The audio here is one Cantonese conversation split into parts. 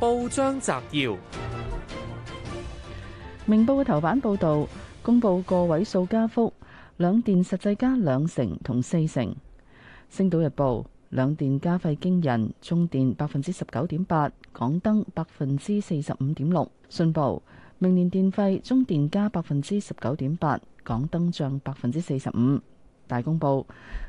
報章摘要：明報嘅頭版報道公布個位數加幅，兩電實際加兩成同四成。星島日報兩電加費驚人，中電百分之十九點八，港燈百分之四十五點六。信報明年電費中電加百分之十九點八，港燈漲百分之四十五。大公報，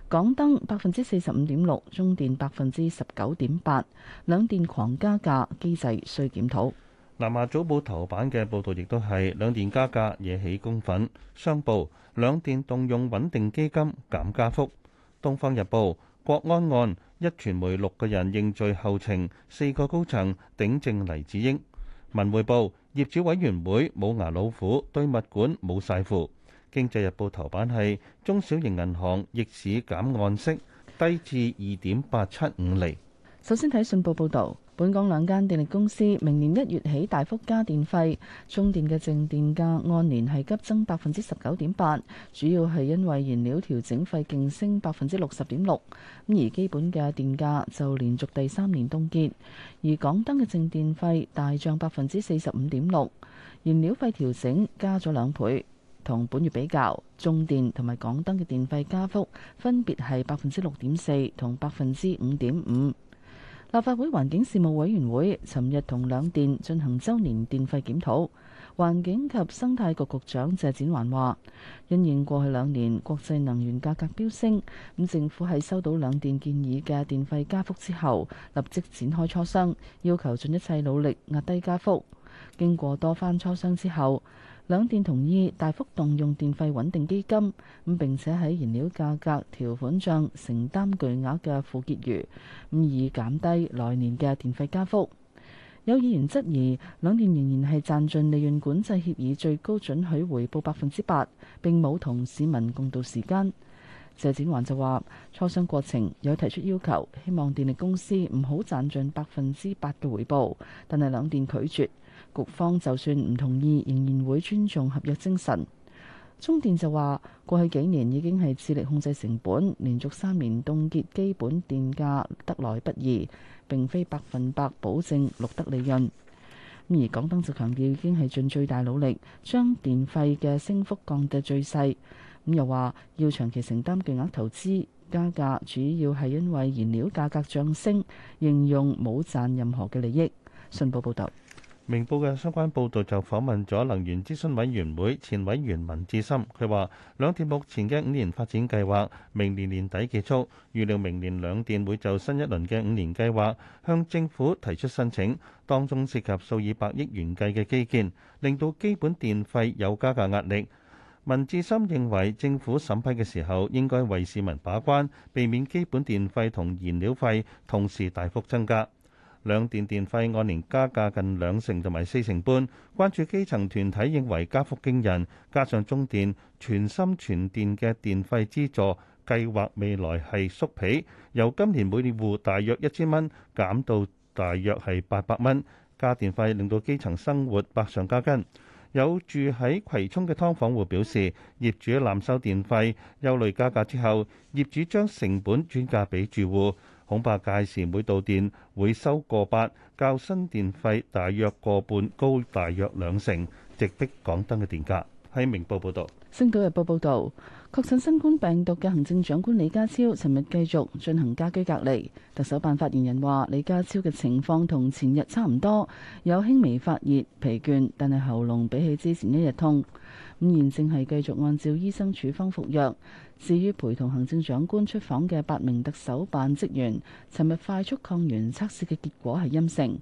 港燈百分之四十五點六，中電百分之十九點八，兩電狂加價機制需檢討。南華早報頭版嘅報道亦都係兩電加價惹起公憤，商報兩電動用穩定基金減加幅。東方日報國安案一傳媒六個人認罪後情，四個高層頂證黎智英。文匯報業主委員會冇牙老虎，對物管冇晒符。經濟日報頭版係中小型銀行逆市減按息，低至二點八七五厘。首先睇信報報導，本港兩間電力公司明年一月起大幅加電費，中電嘅淨電價按年係急增百分之十九點八，主要係因為燃料調整費勁升百分之六十點六。咁而基本嘅電價就連續第三年凍結，而港燈嘅淨電費大漲百分之四十五點六，燃料費調整加咗兩倍。同本月比較，中電同埋港燈嘅電費加幅分別係百分之六點四同百分之五點五。立法會環境事務委員會尋日同兩電進行周年電費檢討，環境及生態局局長謝展環話，因應過去兩年國際能源價格飆升，咁政府喺收到兩電建議嘅電費加幅之後，立即展開磋商，要求盡一切努力壓低加幅。經過多番磋商之後，兩電同意大幅動用電費穩定基金，咁並且喺燃料價格條款帳承擔巨額嘅負結餘，咁以減低來年嘅電費加幅。有議員質疑兩電仍然係賺盡利潤管制協議最高準許回報百分之八，並冇同市民共度時艱。謝展寰就話磋商過程有提出要求，希望電力公司唔好賺盡百分之八嘅回報，但係兩電拒絕。局方就算唔同意，仍然會尊重合約精神。中電就話過去幾年已經係致力控制成本，連續三年凍結基本電價，得來不易，並非百分百保證錄得利潤。咁而港燈就強調已經係盡最大努力將電費嘅升幅降低最細，咁又話要長期承擔巨額投資，加價主要係因為燃料價格上升，形容冇賺任何嘅利益。信報報道。明報嘅相關報導就訪問咗能源諮詢委員會前委員文志深，佢話兩電目前嘅五年發展計劃明年年底結束，預料明年兩電會就新一輪嘅五年計劃向政府提出申請，當中涉及數以百億元計嘅基建，令到基本電費有加價壓力。文志深認為政府審批嘅時候應該為市民把關，避免基本電費同燃料費同時大幅增加。兩電電費按年加價近兩成同埋四成半，關注基層團體認為加幅驚人，加上中電全心全電嘅電費資助計劃未來係縮皮，由今年每戶大約一千蚊減到大約係八百蚊，加電費令到基層生活百上加斤。有住喺葵涌嘅劏房戶表示，業主濫收電費，憂慮加價之後，業主將成本轉嫁俾住戶。恐怕屆時每度電會收過八，較新電費大約過半高，大約兩成，直逼港燈嘅電價。喺明報報道，星島日報報道確診新冠病毒嘅行政長官李家超，尋日繼續進行家居隔離。特首辦發言人話，李家超嘅情況同前日差唔多，有輕微發熱、疲倦，但係喉嚨比起之前一日痛。現正係繼續按照醫生處方服藥。至於陪同行政長官出訪嘅八名特首辦職員，尋日快速抗原測試嘅結果係陰性。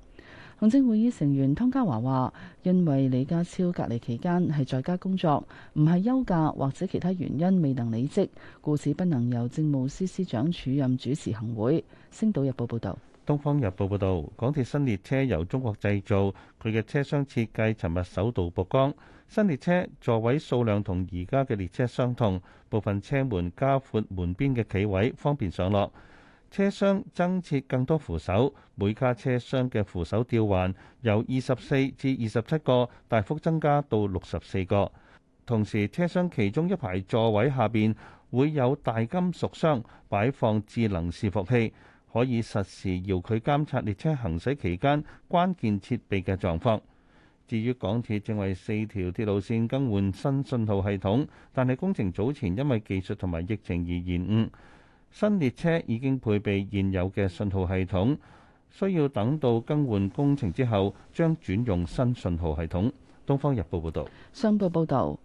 行政會議成員湯家驊話，因為李家超隔離期間係在家工作，唔係休假或者其他原因未能離職，故此不能由政務司司長署任主持行會。星島日報報導。《東方日報》報導，港鐵新列車由中國製造，佢嘅車廂設計尋日首度曝光。新列車座位數量同而家嘅列車相同，部分車門加闊門邊嘅企位，方便上落。車廂增設更多扶手，每卡車廂嘅扶手吊環由二十四至二十七個，大幅增加到六十四個。同時，車廂其中一排座位下邊會有大金屬箱，擺放智能伺服器。可以實時遙距監測列車行駛期間關鍵設備嘅狀況。至於港鐵正為四條鐵路線更換新信號系統，但係工程早前因為技術同埋疫情而延誤。新列車已經配備現有嘅信號系統，需要等到更換工程之後將轉用新信號系統。《東方日報》報道。新報報導。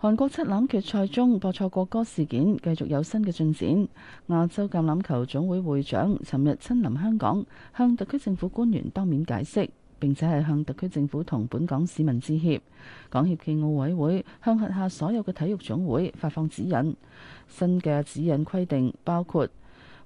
韓國七欖決賽中播錯國歌事件繼續有新嘅進展。亞洲橄欖球總會會長尋日親臨香港，向特區政府官員當面解釋，並且係向特區政府同本港市民致歉。港協暨奧委會向轄下所有嘅體育總會發放指引，新嘅指引規定包括。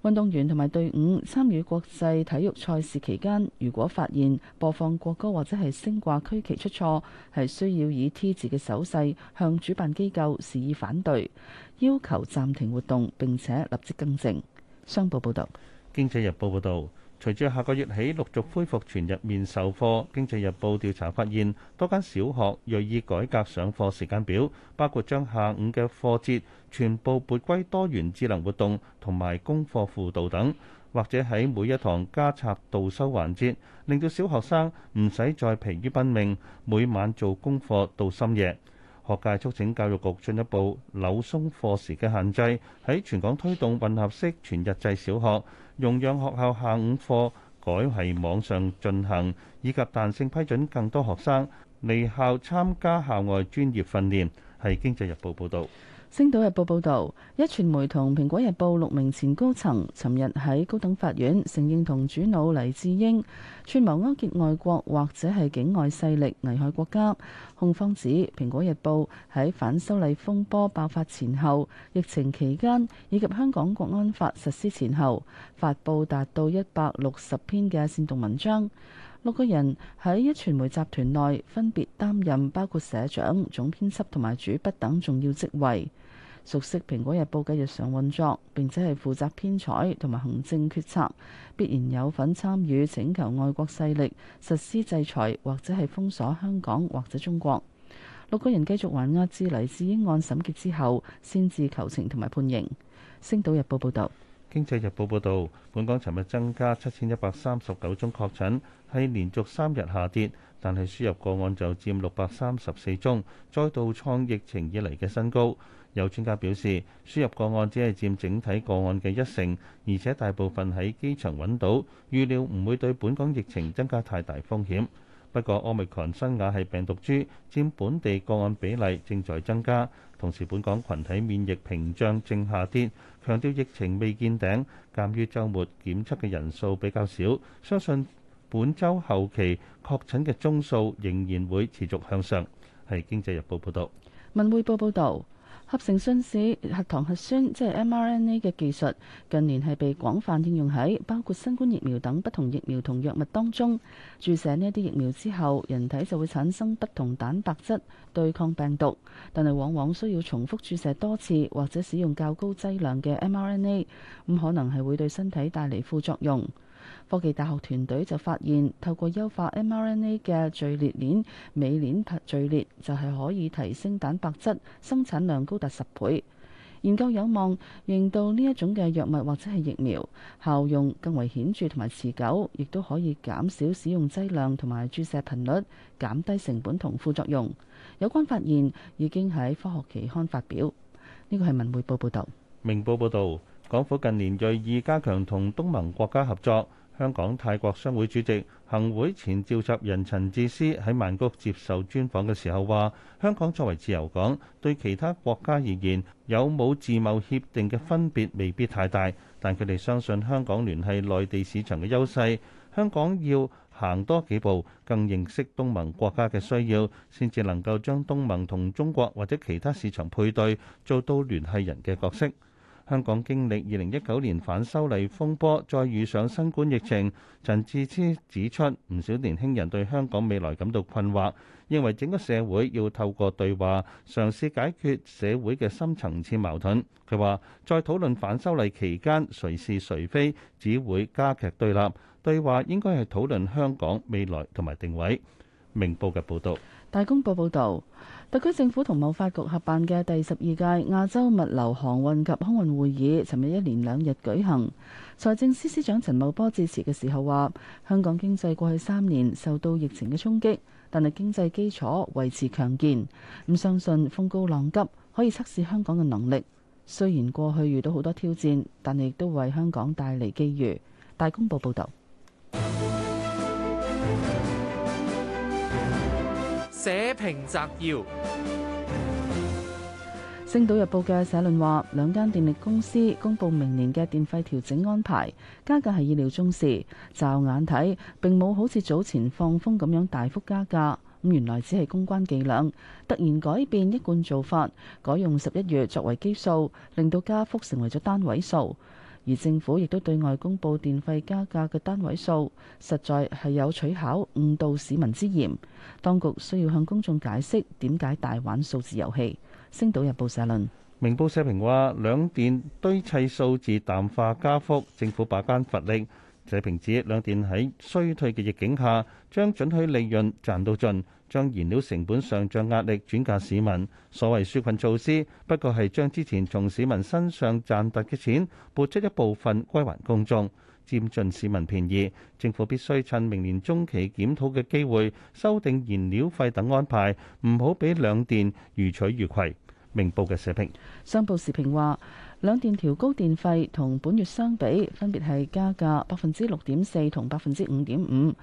運動員同埋隊伍參與國際體育賽事期間，如果發現播放國歌或者係升掛區旗出錯，係需要以 T 字嘅手勢向主辦機構示意反對，要求暫停活動，並且立即更正。商報報道，《經濟日報》報道。隨住下個月起陸續恢復全日面授課，《經濟日報》調查發現，多間小學銳意改革上課時間表，包括將下午嘅課節全部撥歸多元智能活動同埋功課輔導等，或者喺每一堂加插導修環節，令到小學生唔使再疲於奔命，每晚做功課到深夜。學界促請教育局進一步扭鬆課時嘅限制，喺全港推動混合式全日制小學，容讓學校下午課改為網上進行，以及彈性批准更多學生離校參加校外專業訓練。係《經濟日報》報導。《星島日報》報導，一傳媒同《蘋果日報》六名前高層，尋日喺高等法院承認同主腦黎智英串謀勾結外國或者係境外勢力危害國家。控方指，《蘋果日報》喺反修例風波爆發前後、疫情期間以及香港國安法實施前後，發佈達到一百六十篇嘅煽動文章。六個人喺一傳媒集團內分別擔任包括社長、總編輯同埋主筆等重要職位。熟悉《蘋果日報》嘅日常運作，並且係負責編採同埋行政決策，必然有份參與請求外國勢力實施制裁或者係封鎖香港或者中國。六個人繼續還押至黎智英案審結之後先至求情同埋判刑。《星島日報》報道：《經濟日報》報道，本港尋日增加七千一百三十九宗確診，係連續三日下跌，但係輸入個案就佔六百三十四宗，再度創疫情以嚟嘅新高。有專家表示，輸入個案只係佔整體個案嘅一成，而且大部分喺機場揾到，預料唔會對本港疫情增加太大風險。不過，奧密克戎新亞系病毒株佔本地個案比例正在增加，同時本港群體免疫屏障正下跌，強調疫情未見頂。鑑於週末檢測嘅人數比較少，相信本週後期確診嘅宗數仍然會持續向上。係《經濟日報》報道，《文匯報》報道。合成信使核糖核酸即係 mRNA 嘅技術，近年係被廣泛應用喺包括新冠疫苗等不同疫苗同藥物當中。注射呢一啲疫苗之後，人體就會產生不同蛋白質對抗病毒，但係往往需要重複注射多次或者使用較高劑量嘅 mRNA，咁可能係會對身體帶嚟副作用。科技大學團隊就發現，透過優化 mRNA 嘅序列鏈尾鏈序列，就係可以提升蛋白質生產量高達十倍。研究有望認到呢一種嘅藥物或者係疫苗，效用更為顯著同埋持久，亦都可以減少使用劑量同埋注射頻率，減低成本同副作用。有關發現已經喺科學期刊發表。呢個係文匯報報導。明報報導，港府近年鋭意加強同東盟國家合作。香港泰國商會主席、行會前召集人陳智思喺曼谷接受專訪嘅時候話，香港作為自由港，對其他國家而言，有冇自貿協定嘅分別未必太大，但佢哋相信香港聯繫內地市場嘅優勢，香港要行多幾步，更認識東盟國家嘅需要，先至能夠將東盟同中國或者其他市場配對，做到聯繫人嘅角色。香港經歷2019年反修例風波，再遇上新冠疫情，陳智思指出，唔少年輕人對香港未來感到困惑，認為整個社會要透過對話，嘗試解決社會嘅深層次矛盾。佢話，再討論反修例期間誰是誰非，只會加劇對立，對話應該係討論香港未來同埋定位。明報嘅報導，大公報報導。特區政府同貿發局合辦嘅第十二屆亞洲物流、航運及空運會議，尋日一連兩日舉行。財政司司長陳茂波致辭嘅時候話，香港經濟過去三年受到疫情嘅衝擊，但係經濟基礎維持強健。咁相信風高浪急可以測試香港嘅能力。雖然過去遇到好多挑戰，但係亦都為香港帶嚟機遇。大公報報道。 社評摘要，《星島日報》嘅社論話，兩間電力公司公布明年嘅電費調整安排，加價係意料中事。驟眼睇，並冇好似早前放風咁樣大幅加價。咁原來只係公關伎倆，突然改變一貫做法，改用十一月作為基數，令到加幅成為咗單位數。而政府亦都對外公布電費加價嘅單位數，實在係有取巧誤導市民之嫌。當局需要向公眾解釋點解大玩數字遊戲。星島日報社論。明報社評話兩電堆砌數字淡化加幅，政府把關乏力。社評指兩電喺衰退嘅逆境下，將准許利潤賺到盡。將燃料成本上漲壓力轉嫁市民，所謂紓困措施不過係將之前從市民身上賺得嘅錢撥出一部分歸還公眾，佔盡市民便宜。政府必須趁明年中期檢討嘅機會，修訂燃料費等安排，唔好俾兩電如取如攜。明報嘅社評，商報時評話。兩電調高電費同本月相比，分別係加價百分之六點四同百分之五點五，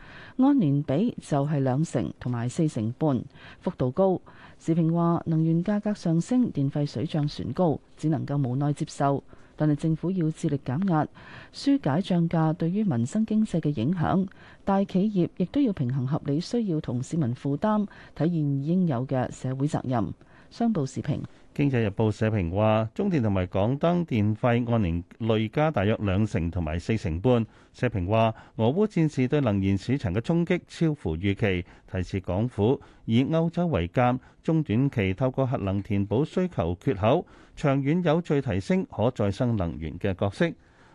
按年比就係兩成同埋四成半，幅度高。時評話能源價格上升，電費水漲船高，只能夠無奈接受。但係政府要致力減壓，疏解漲價對於民生經濟嘅影響。大企業亦都要平衡合理需要同市民負擔，體現應有嘅社會責任。商報時評。經濟日報社評話，中電同埋港燈電費按年累加大約兩成同埋四成半。社評話，俄烏戰事對能源市場嘅衝擊超乎預期，提示港府以歐洲為鑑，中短期透過核能填補需求缺口，長遠有序提升可再生能源嘅角色。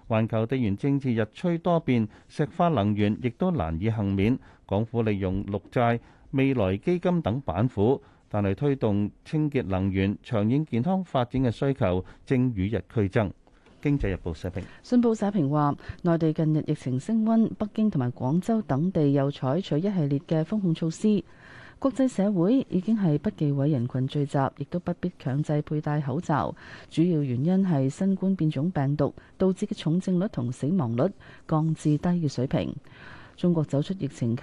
環球地緣政治日趨多變，石化能源亦都難以幸免。港府利用綠債、未來基金等板斧。但係推動清潔能源、長遠健康發展嘅需求正與日俱增。經濟日報社評，信報社評話，內地近日疫情升溫，北京同埋廣州等地又採取一系列嘅封控措施。國際社會已經係不忌諱人群聚集，亦都不必強制佩戴口罩。主要原因係新冠變種病毒導致嘅重症率同死亡率降至低嘅水平。中國走出疫情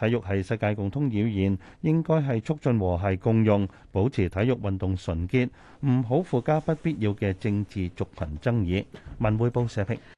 體育係世界共通語言，應該係促進和諧共用，保持體育運動純潔，唔好附加不必要嘅政治族群爭議。文匯報社評。